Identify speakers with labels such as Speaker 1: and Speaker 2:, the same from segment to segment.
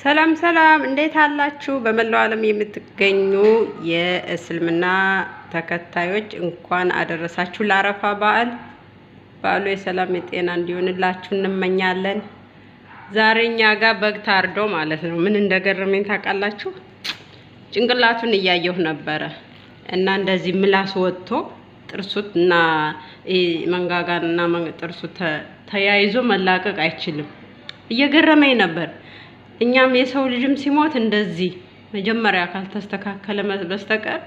Speaker 1: ሰላም ሰላም፣ እንዴት አላችሁ? በመላው ዓለም የምትገኙ የእስልምና ተከታዮች እንኳን አደረሳችሁ ለአረፋ በዓል። በዓሉ የሰላም የጤና እንዲሆንላችሁ እንመኛለን። ዛሬ እኛ ጋር በግ ታርዶ ማለት ነው። ምን እንደገረመኝ ታውቃላችሁ? ጭንቅላቱን እያየሁ ነበረ እና እንደዚህ ምላስ ወጥቶ ጥርሱት እና እና ጥርሱ ተያይዞ መላቀቅ አይችልም። እየገረመኝ ነበር እኛም የሰው ልጅም ሲሞት እንደዚህ መጀመሪያ ካልተስተካከለ በስተቀር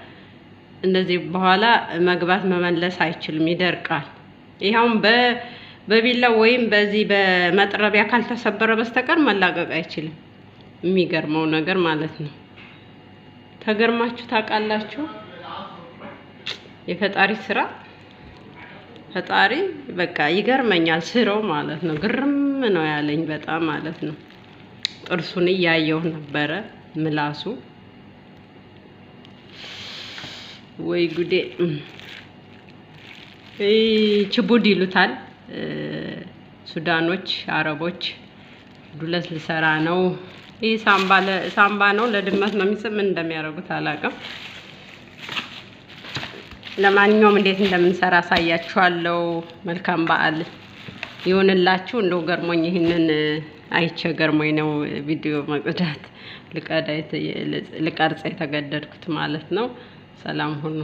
Speaker 1: እንደዚህ በኋላ መግባት መመለስ አይችልም፣ ይደርቃል። ይኸውም በቢላው ወይም በዚህ በመጥረቢያ ካልተሰበረ በስተቀር መላቀቅ አይችልም። የሚገርመው ነገር ማለት ነው። ተገርማችሁ ታውቃላችሁ? የፈጣሪ ስራ ፈጣሪ በቃ ይገርመኛል፣ ስራው ማለት ነው። ግርም ነው ያለኝ በጣም ማለት ነው። ጥርሱን እያየው ነበረ ምላሱ። ወይ ጉዴ! ችቡድ ይሉታል ሱዳኖች፣ አረቦች። ዱለት ልሰራ ነው። ይህ ሳምባ ነው፣ ለድመት ነው የሚስብ። ምን እንደሚያደርጉት አላውቅም። ለማንኛውም እንዴት እንደምንሰራ አሳያችኋለሁ። መልካም በዓል ይሆንላችሁ። እንደው ገርሞኝ ይህንን አይቼ ገርሞኝ ነው ቪዲዮ መቅዳት ልቀርጽ የተገደድኩት ማለት ነው። ሰላም ሁኑ።